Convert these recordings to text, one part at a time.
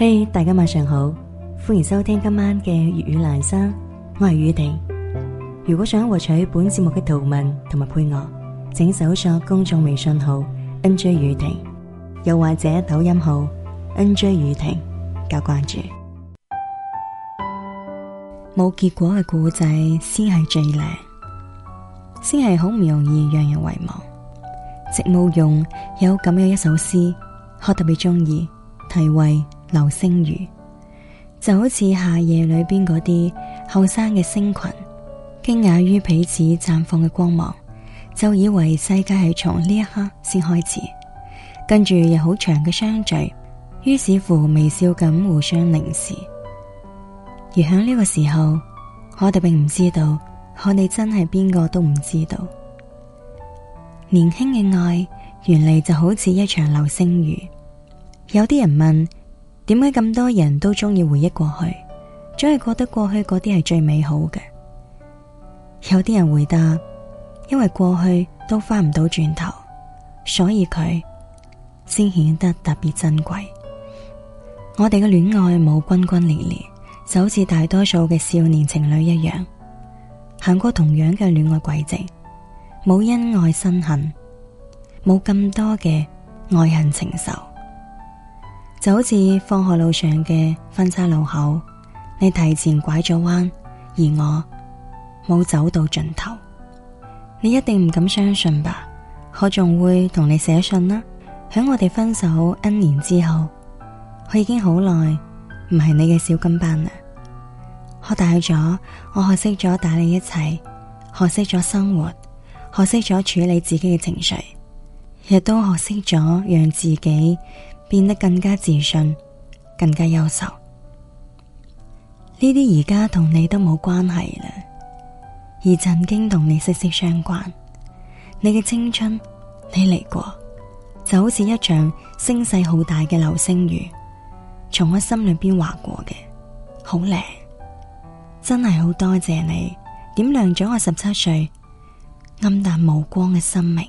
嘿，hey, 大家晚上好，歡迎收聽今晚嘅粵語蘭生。我係雨婷。如果想獲取本節目嘅圖文同埋配樂，請搜索公眾微信號 NJ 雨婷，又或者抖音號 NJ 雨婷，加關注。冇結果嘅故仔先係最靚，先係好唔容易讓人遺忘。席慕蓉有咁樣一首詩，我特別中意，題為。流星雨就好似夏夜裏邊嗰啲後生嘅星群，驚訝於彼此綻放嘅光芒，就以為世界係從呢一刻先開始。跟住又好長嘅相聚，於是乎微笑咁互相凝視。而響呢個時候，我哋並唔知道，我哋真係邊個都唔知道。年輕嘅愛，原嚟就好似一場流星雨。有啲人問。點解咁多人都中意回憶過去？總係覺得過去嗰啲係最美好嘅。有啲人回答：因為過去都翻唔到轉頭，所以佢先顯得特別珍貴。我哋嘅戀愛冇轟轟烈烈，就好似大多數嘅少年情侶一樣，行過同樣嘅戀愛軌跡，冇恩愛、生恨，冇咁多嘅愛恨情仇。就好似放學路上嘅分岔路口，你提前拐咗彎，而我冇走到盡頭。你一定唔敢相信吧？我仲會同你寫信啦。響我哋分手 n 年之後，我已經好耐唔係你嘅小跟班啦。我大咗，我學識咗打理一切，學識咗生活，學識咗處理自己嘅情緒，亦都學識咗讓自己。變得更加自信，更加優秀。呢啲而家同你都冇關係啦，而曾經同你息息相關。你嘅青春，你嚟過，就好似一場聲勢好大嘅流星雨，從我心裏邊劃過嘅，好靚。真係好多謝你，點亮咗我十七歲暗淡無光嘅生命。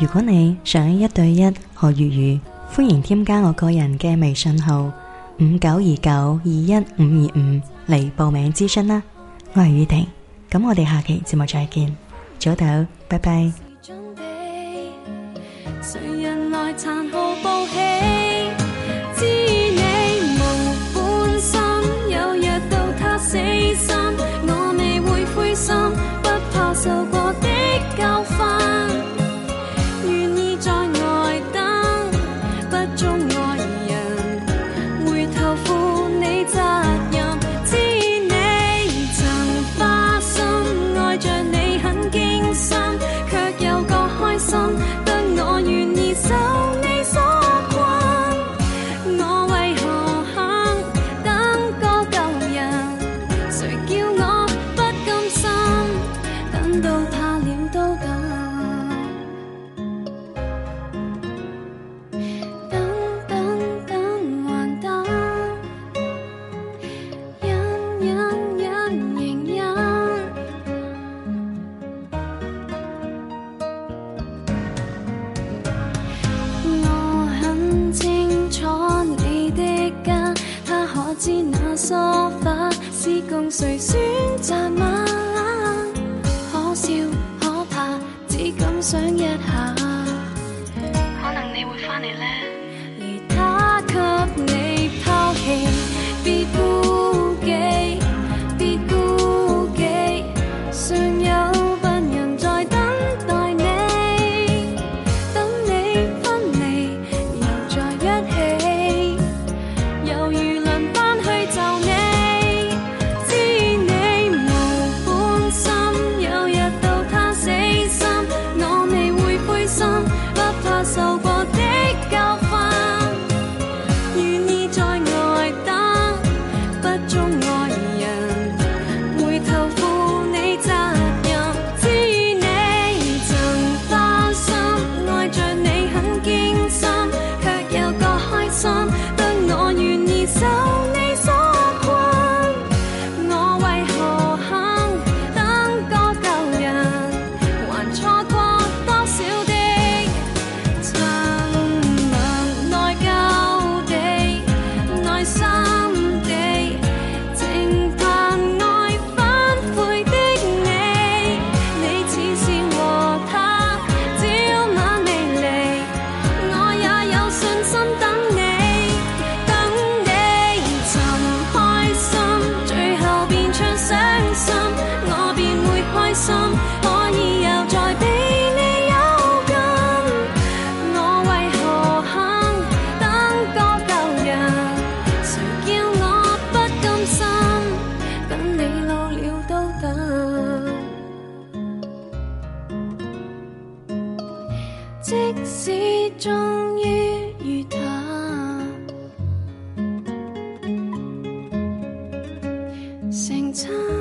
如果你想一對一學粵語，歡迎添加我個人嘅微信號五九二九二一五二五嚟報名諮詢啦。我係雨婷，咁我哋下期節目再見，早唞，拜拜。殘酷報喜，知你無本心，有日到他死心，我未會灰心，不怕受苦。知那梳化是共誰選擇嗎？可笑、可怕，只敢想一下。可能你會翻嚟呢。即使終於遇他，成親。